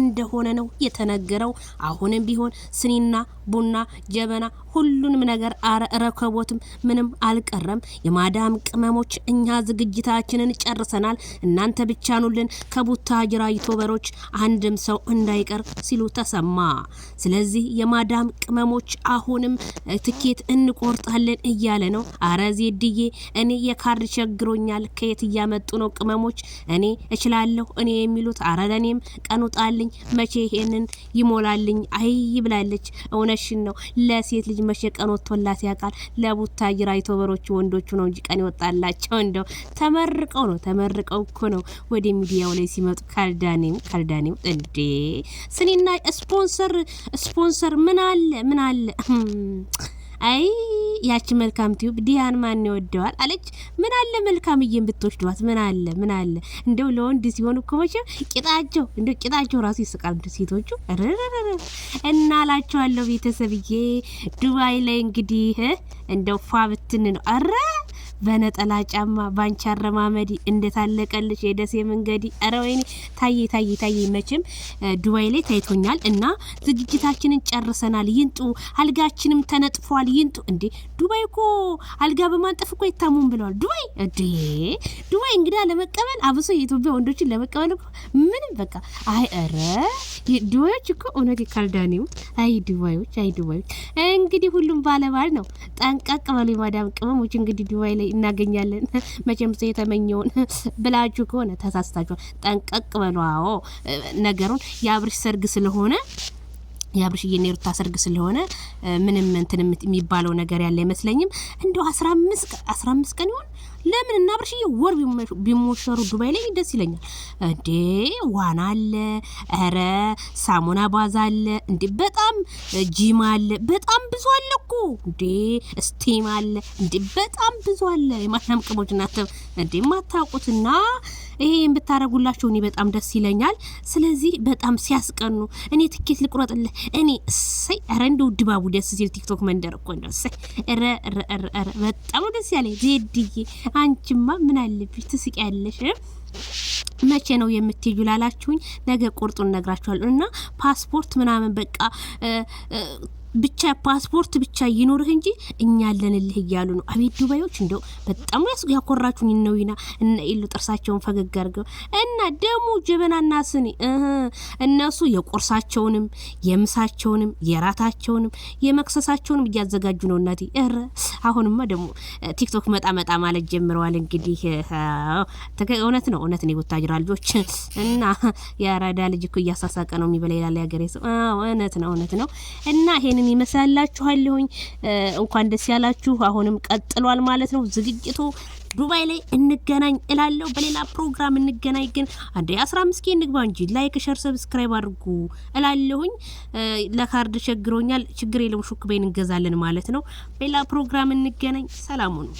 እንደሆነ ነው የተነገረው። አሁንም ቢሆን ስኒና ቡና ጀበና ሁሉንም ነገር ረከቦትም ምንም አልቀረም። የማዳም ቅመሞች እኛ ዝግጅታችንን ጨርሰናል፣ እናንተ ብቻ ኑልን፣ ከቡታጅራ ዩቱበሮች አንድም ሰው እንዳይቀር ሲሉ ተሰማ። ስለዚህ የማዳም ቅመሞች አሁንም ትኬት እንቆርጣለን እያለ ነው። አረ ዜድዬ እኔ የካርድ ቸግሮኛል፣ ከየት እያመጡ ነው ቅመሞች? እኔ እችላለሁ እኔ የሚሉት አረ ለእኔም ቀኑ ጣልኝ፣ መቼ ይሄንን ይሞላልኝ? አይ ብላለች። እውነሽን ነው ለሴት ልጅ መቼ ቀን ወጥቶላት ያውቃል? ለቡታጅራ ዩቱበሮቹ ወንዶቹ ነው እንጂ ቀን ይወጣላቸው። እንደው ተመርቀው ነው ተመርቀው እኮ ነው ወደ ሚዲያው ላይ ሲመጡ። ካልዳኔም ካልዳኔም እንዴ ስኒና ስፖንሰር ስፖንሰር ምን አለ ምን አለ? አይ ያቺ መልካም ቲዩብ ዲያን ማን ይወደዋል አለች። ምን አለ መልካምዬን ብትወስዷት ምን አለ ምን አለ እንደው ለወንድ ሲሆኑ እኮ መቼም ቂጣቸው እንደው ቂጣቸው ራሱ ይስቃል። እንደ ሴቶቹ እና ቤተሰብዬ፣ ዱባይ ላይ እንግዲህ እንደው ፏ ብትን ነው አራ በነጠላ ጫማ ባንቺ እንዴት አለቀልሽ የደሴ መንገዲ። ኧረ ወይኔ ታዬ ታዬ ታዬ መቼም ዱባይ ላይ ታይቶኛል። እና ዝግጅታችንን ጨርሰናል። ይንጡ አልጋችንም ተነጥፏል። ይንጡ እንዴ ዱባይ እኮ አልጋ በማንጠፍ እኮ ይታሙን ብለዋል። ዱባይ እንዴ ዱባይ እንግዳ ለመቀበል አብሶ የኢትዮጵያ ወንዶችን ለመቀበል ምንም በቃ አይ ኧረ ዱባዮች እኮ እውነት ካልዳኔው አይ ዱባዮች አይ ዱባዮች እንግዲህ ሁሉም ባለባል ነው። ጠንቀቅ በሉ የማዳም ቅመሞች እንግዲህ ዱባይ ላይ እናገኛለን። መቼም ሰው የተመኘውን ብላችሁ ከሆነ ተሳስታችኋል። ጠንቀቅ በሉ። አዎ ነገሩን የአብርሽ ሰርግ ስለሆነ የአብርሽ የሩታ ሰርግ ስለሆነ ምንም እንትን የሚባለው ነገር ያለ አይመስለኝም። እንደው አስራ አምስት ቀን ይሆን ለምን እና አብርሽዬ ወር ቢሞሸሩ ዱባይ ላይ ደስ ይለኛል እንዴ። ዋና አለ፣ ኧረ ሳሙና ባዛ አለ እንዴ፣ በጣም ጂም አለ፣ በጣም ብዙ አለ እኮ እንዴ፣ ስቲም አለ እንዴ፣ በጣም ብዙ አለ። የማናም ቅሞች እናተ እንዴ ማታውቁትና ይሄ ብታረጉላቸው እኔ በጣም ደስ ይለኛል። ስለዚህ በጣም ሲያስቀኑ እኔ ትኬት ልቁረጥል እኔ እሰይ። ኧረ እንደው ድባቡ ደስ ሲል ቲክቶክ መንደር እኮ እንደው እሰይ፣ ኧረ ኧረ ኧረ በጣም ደስ ያለ ዜድዬ አንቺማ ምን አለብሽ ያለሽ መቼ ነው የምትሄጁ ላላችሁኝ፣ ነገ ቁርጡን ነግራችኋለሁ እና ፓስፖርት ምናምን በቃ ብቻ ፓስፖርት ብቻ ይኖርህ እንጂ እኛ አለንልህ እያሉ ነው። አቤት ዱባዮች እንደው በጣም ያኮራችሁኝ ነው። እነዊና እነ ኢሉ ጥርሳቸውን ፈገግ አድርገው እና ደግሞ ጀበናና ስኒ እነሱ የቁርሳቸውንም የምሳቸውንም የራታቸውንም የመክሰሳቸውንም እያዘጋጁ ነው። እናቴ እረ አሁንማ ደግሞ ቲክቶክ መጣ መጣ ማለት ጀምረዋል። እንግዲህ እውነት ነው እውነት ነው። የወታጅራ ልጆች እና የአራዳ ልጅ እኮ እያሳሳቀ ነው የሚበላ ይላል ያገሬ ሰው። እውነት ነው እውነት ነው እና ይሄንን ይህንን ይመስላላችኋለሁኝ። እንኳን ደስ ያላችሁ። አሁንም ቀጥሏል ማለት ነው ዝግጅቱ። ዱባይ ላይ እንገናኝ እላለሁ። በሌላ ፕሮግራም እንገናኝ። ግን አንድ አስራ አምስት ኬ እንግባ እንጂ ላይክ፣ ሸር፣ ሰብስክራይብ አድርጉ እላለሁኝ። ለካርድ ቸግሮኛል። ችግር የለም ሹክ በይን እንገዛለን ማለት ነው። በሌላ ፕሮግራም እንገናኝ። ሰላሙ ነው።